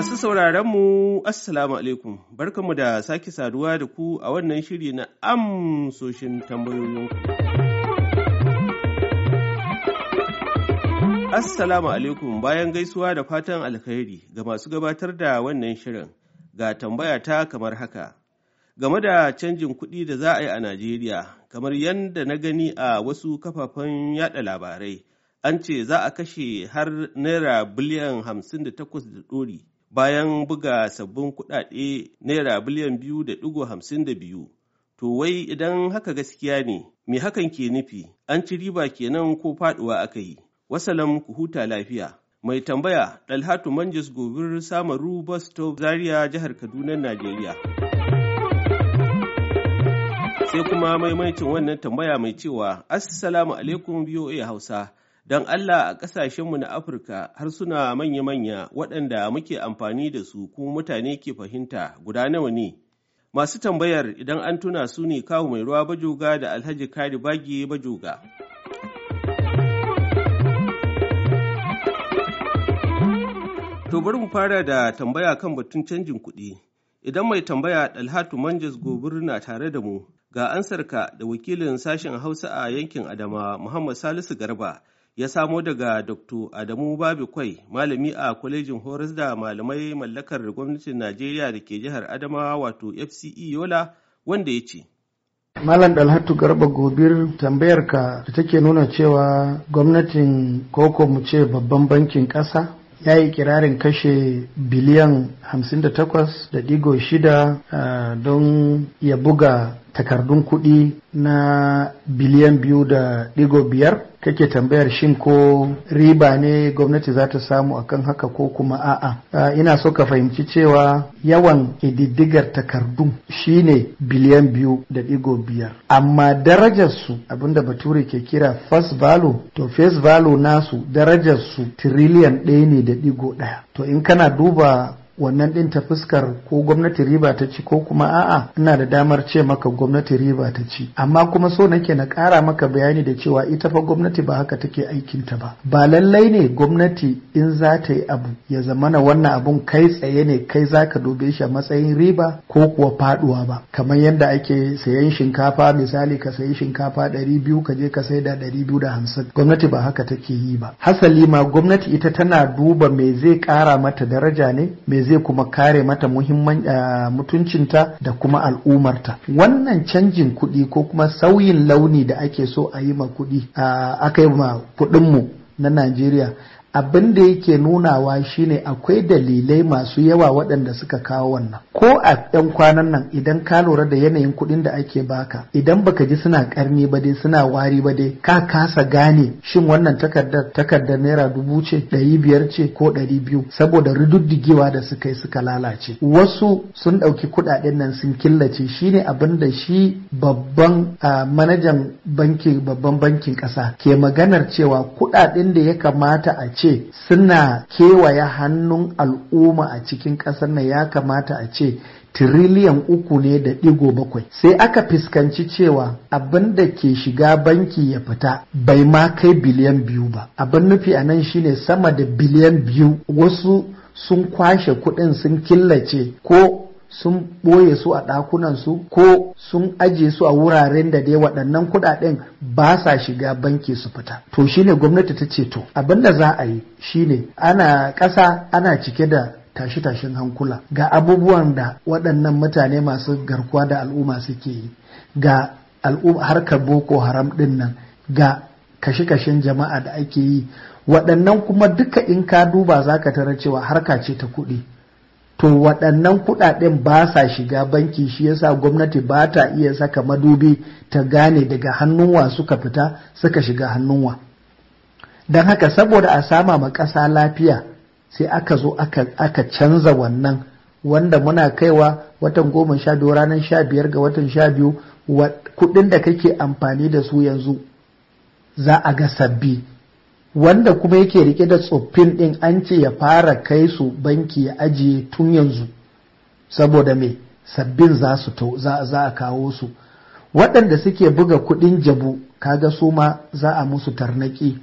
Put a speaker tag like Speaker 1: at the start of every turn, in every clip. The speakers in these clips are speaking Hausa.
Speaker 1: Masu sauraronmu, Assalamu alaikum, barkanmu da sake saduwa da ku a wannan shiri na amsoshin tambayoyinku. Assalamu alaikum bayan gaisuwa da fatan alkhairi ga masu gabatar da wannan shirin ga tambaya ta kamar haka. Game da canjin kuɗi da za a yi a Najeriya, kamar yadda na gani a wasu kafafen yada labarai, an ce za a kashe har naira biliyan hamsin da takwas da ɗori bayan buga sabbin kuɗaɗe naira biliyan biyu da ɗigo hamsin da biyu. To wai idan haka gaskiya ne, me hakan ke nufi, an ci riba kenan ko faɗuwa aka yi. Wasalam ku huta lafiya. Mai tambaya Dalhatu Manjis Gobir Samaru Bostov Zaria jihar Kaduna Najeriya. Sai kuma maimaicin wannan tambaya mai cewa Assalamu alaikum voa Hausa. don Allah a ƙasashenmu na Afirka harsuna manya-manya waɗanda muke amfani da su kuma mutane ke fahimta guda nawa ne. Masu tambayar idan an tuna su ne kawo mai ruwa bajoga da Alhaji Kari Bagi bajoga. To bari mu fara da tambaya kan batun canjin kuɗi. Idan mai tambaya Dalhatu Manjas Gobir na tare da mu, ga ansarka da wakilin sashen Hausa a yankin Adama Muhammad Salisu Garba ya samo daga Dr. Adamu Babikwai, malami a kwalejin horas da malamai mallakar gwamnatin Najeriya da ke jihar Adamawa wato FCE Yola wanda ya ce.
Speaker 2: Malam Dalhatu Garba Gobir tambayarka da take nuna cewa gwamnatin koko mu ce babban bankin ƙasa ya yi kirarin kashe biliyan 58.6 don ya buga takardun kuɗi na biliyan biyu da ɗigo biyar kake tambayar shin ko riba ne gwamnati za ta samu akan haka ko kuma a'a ah, ina so ka fahimci cewa yawan ididdigar takardu shine biliyan biyu da ɗigo biyar amma darajar darajarsu abinda bature ke kira first value to first value nasu darajar su tiriliyan ɗaya ne da ɗigo ɗaya to in kana duba wannan din ta fuskar ko gwamnati riba ta ci ko kuma a'a ina da damar ce maka gwamnati riba ta ci amma kuma so nake na ƙara maka bayani da cewa ita fa gwamnati ba haka take aikin ta ba ba lallai ne gwamnati in za ta yi abu ya zamana wannan abun kai tsaye ne kai zaka dube shi a matsayin riba ko kuwa faduwa ba kamar yadda ake sayan shinkafa misali ka sayi shinkafa ɗari biyu ka je ka sai da ɗari biyu da hamsin, gwamnati ba haka take yi ba hasali ma gwamnati ita tana duba me zai ƙara mata daraja ne me zai kuma kare mata muhimman eh, mutuncinta da kuma al'umarta wannan canjin kuɗi ko kuma sauyin launi da ake so a yi ma kuɗi a aka yi ma kuɗinmu na Najeriya abin da yake nunawa shine akwai dalilai masu yawa waɗanda suka kawo wannan ko a 'yan kwanan nan idan ka lura da yanayin kuɗin da ake baka idan baka ji suna ƙarni ba dai suna wari ba dai ka kasa gane shin wannan takardar takardar naira dubu ce ɗari biyar ce ko ɗari biyu saboda rududdigewa da suka yi suka lalace wasu sun ɗauki kuɗaɗen nan sun killace shine abin da shi babban manajan banki babban bankin ƙasa ke maganar cewa kuɗaɗen da ya kamata a ce suna kewaye hannun al'umma a cikin ƙasar nan ya kamata a ce tiriliyan uku ne da ɗigo bakwai sai aka fuskanci cewa abin da ke shiga banki ya fita bai ma kai biliyan biyu ba abin nufi a nan shine sama da biliyan biyu wasu sun kwashe kuɗin sun killace ko sun ɓoye su a ɗakunansu ko sun aje su a wuraren da dai waɗannan kuɗaɗen ba sa shiga banki su fita to shine gwamnati ta ce to abin da za a yi shine ana ƙasa ana cike da tashi-tashin hankula ga abubuwan da waɗannan mutane masu garkuwa da al'umma suke yi ga harkar boko haram ɗin nan ga kashe-kashen jama'a da ake yi waɗannan kuma duka in ka duba za ka tarar cewa harka ce ta kuɗi to waɗannan kuɗaɗen ba sa shiga banki shi yasa gwamnati ba ta iya saka madubi ta gane daga hannunwa suka fita suka shiga hannunwa don haka saboda a sama ma ƙasa lafiya sai aka zo aka canza wannan wanda muna kaiwa watan goma sha biyu ranar sha biyar ga watan sha biyu kuɗin da kake amfani da su yanzu za a ga sabbi wanda kuma yake rike da tsoffin ɗin an ce ya fara kai su banki ya ajiye tun yanzu saboda mai sabbin za su a kawo su waɗanda suke buga kuɗin jabu kaga su ma za a musu tarnaki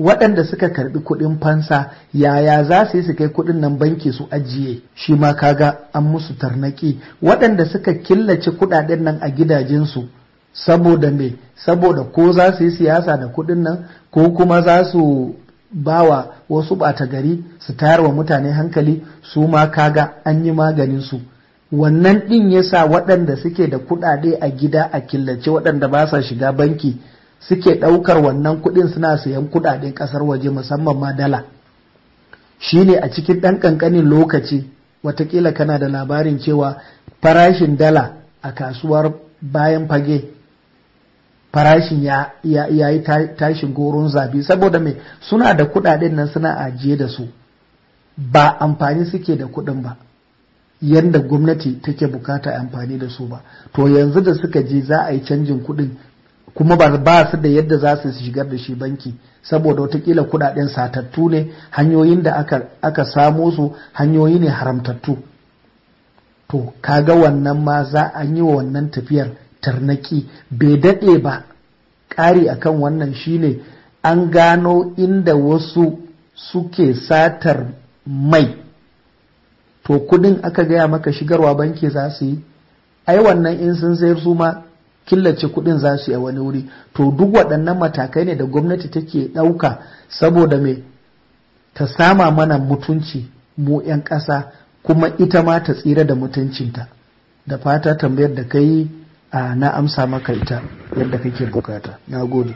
Speaker 2: waɗanda suka karɓi kuɗin fansa yaya za su yi su kai kuɗin nan banki su ajiye shi ma kaga an musu tarnaki waɗanda suka killace kuɗaɗen nan a gidajensu saboda me saboda ko za su yi siyasa da kuɗin nan ko kuma za su bawa wasu ɓata gari su tayar wa mutane hankali su ma kaga an yi maganin su wannan ɗin ya sa waɗanda suke da kuɗaɗe a gida a killace waɗanda ba sa shiga banki suke ɗaukar wannan kuɗin suna sayan kuɗaɗen ƙasar waje musamman ma dala shi ne a cikin ɗan ƙanƙanin lokaci watakila kana da labarin cewa farashin dala a kasuwar bayan fage farashin ya yi tashin goron zabi saboda mai suna da kudaden nan suna ajiye da su ba amfani suke da kudin ba yadda gwamnati take bukata amfani da su ba to yanzu da suka je za a yi canjin kudin kuma ba su da yadda za su shigar da shi banki saboda watakila kudaden satattu ne hanyoyin da aka, aka samo su hanyoyi ne haramtattu to kaga wannan ma za a yi wa wannan tafiyar tarnaki bai daɗe ba ƙari akan wannan shine an gano inda wasu suke satar mai to kudin aka gaya maka shigarwa banki za su yi ai wannan in sun sayar su ma killace kudin za su yi a wani wuri to duk waɗannan matakai ne da gwamnati take ɗauka saboda mai ta sama mana mutunci mu 'yan ƙasa kuma ita ma ta tsira da mutuncinta da fata tambayar da ka yi na amsa maka ita yadda kake bukata na gode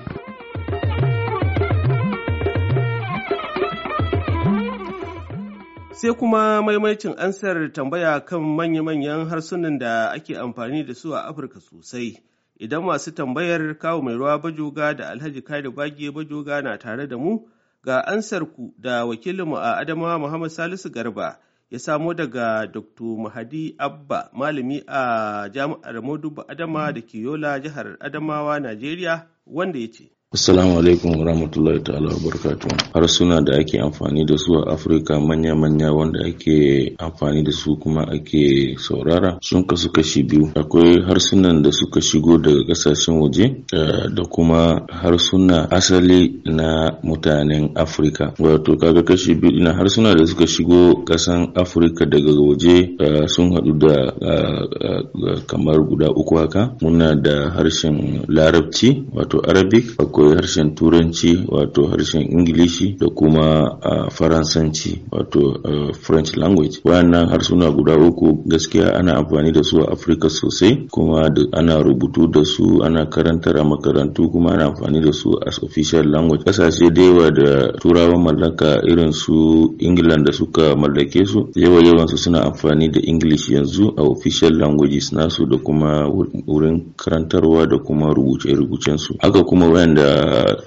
Speaker 1: sai kuma maimaicin ansar tambaya kan manya-manyan harsunan da ake amfani da su a afirka sosai idan masu tambayar kawo mai ruwa bajoga da alhaji kari bage bajoga na tare da mu ga ansar ku da wakilinmu a adamawa muhammad salisu garba ya samo daga Dr. Mahadi Abba malami a jami'ar Modubu Adama da Yola jihar Adamawa, Najeriya wanda
Speaker 3: ya ce. Assalamu alaikum wa rahmatullahi ta'ala wa barakatuhu. Harsuna da ake amfani da su a Afirka manya-manya wanda ake amfani da su kuma ake saurara sun kasu kashi biyu. Akwai harsunan da suka shigo daga kasashen waje eh, da kuma harsuna asali na mutanen Afirka. Wato kaga kashi biyu na harsuna da suka shigo kasan Afirka daga waje eh, sun haɗu da eh, kamar guda uku haka. Muna da harshen Larabci wato Arabic. akwai harshen turanci wato harshen ingilishi da kuma a faransanci wato french language wayannan harsuna guda uku gaskiya ana amfani da su a afirka sosai kuma ana rubutu da su ana karantar a makarantu kuma ana amfani da su as official language kasashe da yawa da turawan mallaka irin su england da suka mallake su yawa yawan su suna amfani da english yanzu a official languages nasu da kuma wurin karantarwa da kuma rubuce-rubucen su haka kuma wayanda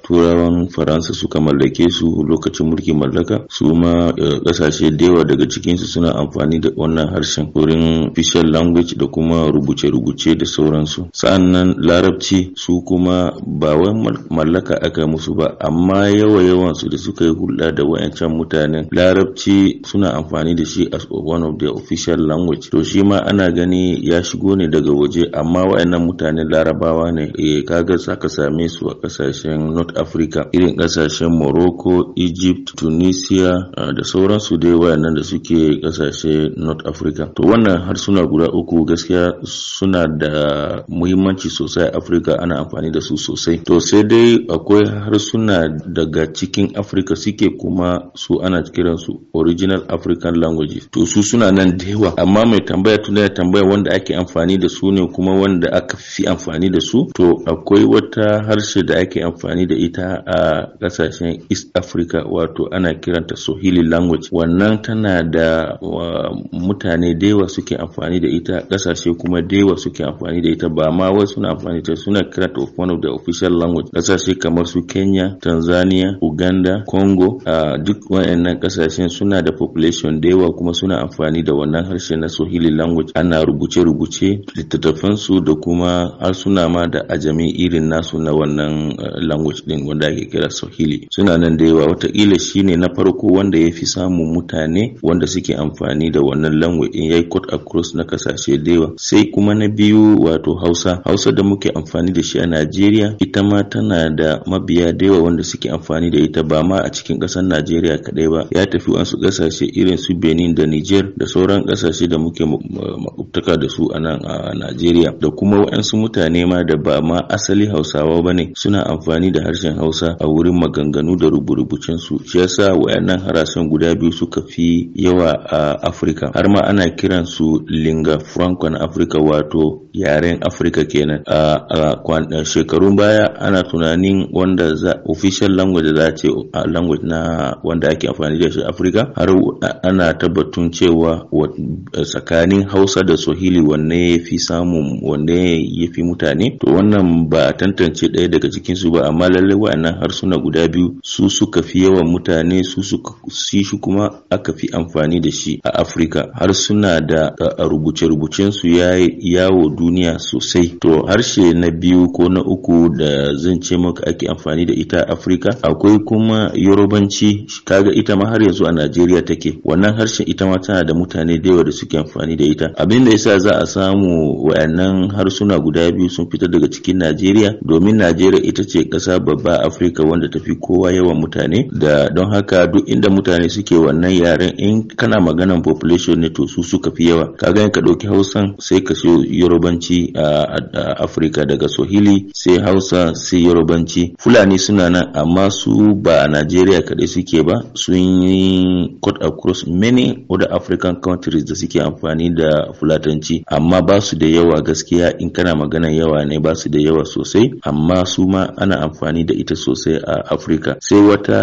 Speaker 3: turawan faransa suka mallake su lokacin mulki mallaka su ma kasashe eh, da yawa daga cikinsu suna amfani da wannan harshen wurin official language da kuma rubuce-rubuce da sauransu sa'annan larabci su kuma ba wai mallaka aka musu ba amma yawa-yawan su da suka yi hulɗa da wayancan mutanen larabci suna amfani da shi as one of their official language to shi ma ana gani ya shigo ne daga waje amma wayannan mutanen larabawa ne eh, kaga saka same su a ƙasashe kasashen north africa irin kasashen morocco egypt tunisia ah, da sauransu dai wayannan da suke kasashe north africa to wannan harsuna guda uku gaskiya suna da muhimmanci sosai a afirka ana amfani da su sosai to sai dai akwai harsuna daga cikin Africa suke kuma su ana kiransu original african languages to su suna nan da amma mai tambaya tunai tambaya wanda ake amfani da su ne kuma wanda aka fi amfani da su to akwai wata harshe da ake amfani da ita a kasashen East Africa wato ana kiranta Swahili language wannan tana da mutane da yawa suke amfani da ita kasashe kuma da yawa suke amfani da ita ba ma wasu suna amfani da ita suna kiranta one of the official language kasashe kamar su Kenya, Tanzania, Uganda, Congo a duk wayannan kasashen suna da population da yawa kuma suna amfani da wannan harshe na Swahili language ana rubuce-rubuce littattafansu da kuma harsuna ma da ajami irin nasu na wannan language din wanda ake kira Swahili suna nan da yawa watakila shine na farko wanda ya fi samun mutane wanda suke amfani da wannan language din yayi cut across na kasashe da yawa sai kuma na biyu wato Hausa Hausa da muke amfani da shi a Najeriya ita ma tana da mabiya da yawa wanda suke amfani da ita ba ma a cikin ƙasar Najeriya kaɗai ba ya tafi wasu ƙasashe irin su Benin da Niger da sauran ƙasashe da muke makubtaka da su a nan a Najeriya da kuma waɗansu mutane ma da ba ma asali Hausawa ba ne suna amfani amfani da harshen Hausa a wurin maganganu da rubuce su shi yasa wayannan harasan guda biyu suka fi yawa a Afirka har ma ana kiran su linga franco na Afirka wato yaren Afirka kenan a shekarun baya ana tunanin wanda za official language za ce language na wanda ake amfani da shi Afirka har ana tabbatun cewa tsakanin Hausa da Swahili wanne ya fi samun wanne ya fi mutane to wannan ba tantance ɗaya daga cikin su ba amma lallai wa'annan harsuna guda biyu su suka fi yawan mutane su suka si shi kuma aka fi amfani da shi a Afirka harsuna da rubuce-rubucen su ya yawo duniya sosai to harshe na biyu ko na uku da zan ce maka ake amfani da ita a Afirka akwai kuma Yorubanci kaga ita ma har yanzu a Najeriya take wannan harshen ita ma tana da mutane da yawa da suke amfani da ita abin da yasa za a samu wa'annan harsuna guda biyu sun fita daga cikin Najeriya domin Najeriya ita ce ƙasa babba Afirka wanda tafi kowa yawan mutane da don haka duk inda mutane suke wannan yaren in kana maganan population ne to su suka fi yawa Ka kaga ka ɗauki Hausan sai ka so Yorubanci a Afirka daga Sohili sai Hausa sai Yorubanci Fulani suna nan amma su ba a Najeriya kaɗai suke ba sun yi cut across many other African countries da suke amfani da Fulatanci amma ba su da yawa gaskiya in kana magana yawa ne ba su da yawa sosai amma su ma ana amfani da ita sosai a afrika. Sai wata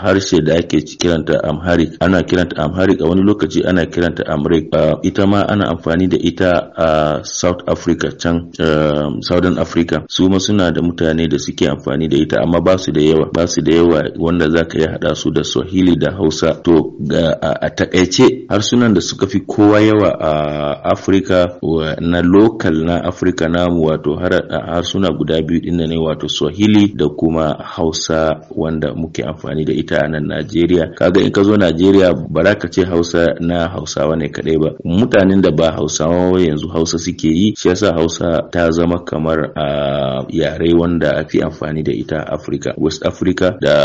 Speaker 3: harshe da ake kiranta Amharic, ana kiranta Amharic a wani lokaci ana kiranta Amharic. Ita ma ana amfani da ita a South Africa can Southern Africa. Su ma suna da mutane da suke amfani da ita amma ba su da yawa, ba su da yawa wanda za ka yi haɗa su da Swahili da Hausa. To a takaice harsunan da suka fi kowa yawa a afirka na lokal na afirka namu wato harsuna guda biyu din ne wato swahili da kuma hausa wanda muke amfani da ita a nan najeriya kaga in ka zo najeriya ba za ka ce hausa na hausawa ne kadai ba mutanen da ba hausawa yanzu hausa suke yi shi yasa hausa ta zama kamar a yare wanda a amfani da ita a afirka west africa da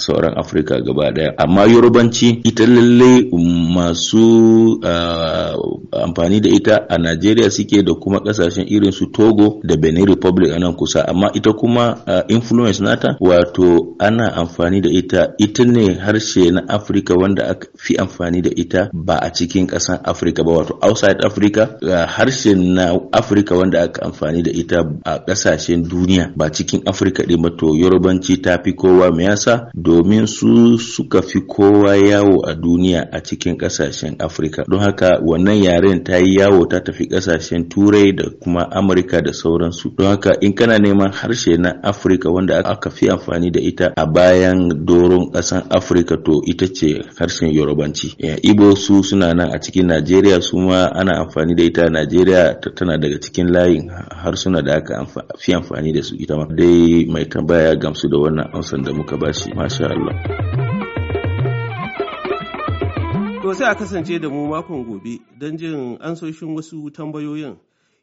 Speaker 3: sauran afirka gaba daya amma yorubanci ita lallai masu masu ah, amfani da ita a Najeriya suke da kuma kasashen irin su Togo da Benin Republic a nan kusa amma ita kuma ah, influence nata wato ana amfani da ita ita ne harshe na Afrika wanda aka fi amfani da ita ba a cikin ƙasan Afrika ba wato outside Africa ah, harshe na Afrika wanda aka amfani da ita a ƙasashen duniya ba cikin Afrika ɗin ba to Yorubanci ta fi kowa me yasa domin su suka fi kowa yawo a duniya a cikin ƙasashe kasashen afirka don haka wannan yaren ta yi yawo ta tafi kasashen turai da kuma amurka da sauransu don haka in kana neman harshe na afirka wanda aka fi amfani da ita a bayan doron kasan afirka to ita ce harshen yorubanci eh, ibo su suna nan a cikin najeriya su ma ana amfani da ita najeriya tana daga cikin layin harsuna da aka fi amfani da su ita ma dai mai tambaya gamsu da wannan amsan da muka bashi masha Allah.
Speaker 1: To sai a kasance da mu makon gobe don jin ansoshin wasu tambayoyin.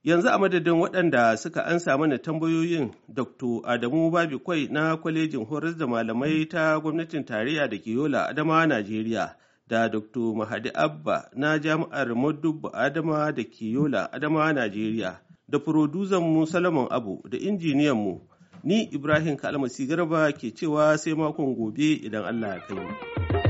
Speaker 1: Yanzu a madadin waɗanda suka ansa mana tambayoyin Dr. Adamu Babikwai na kwalejin horas da malamai ta gwamnatin tarayya da ke Yola Adama Najeriya da Dr. Mahadi Abba na jami'ar Modubba Adama da ke Yola Adama Najeriya da furoduzan mu Salomon Abu da injiniyan mu ni Ibrahim Kalmasi Garba ke cewa sai makon gobe idan Allah ya kai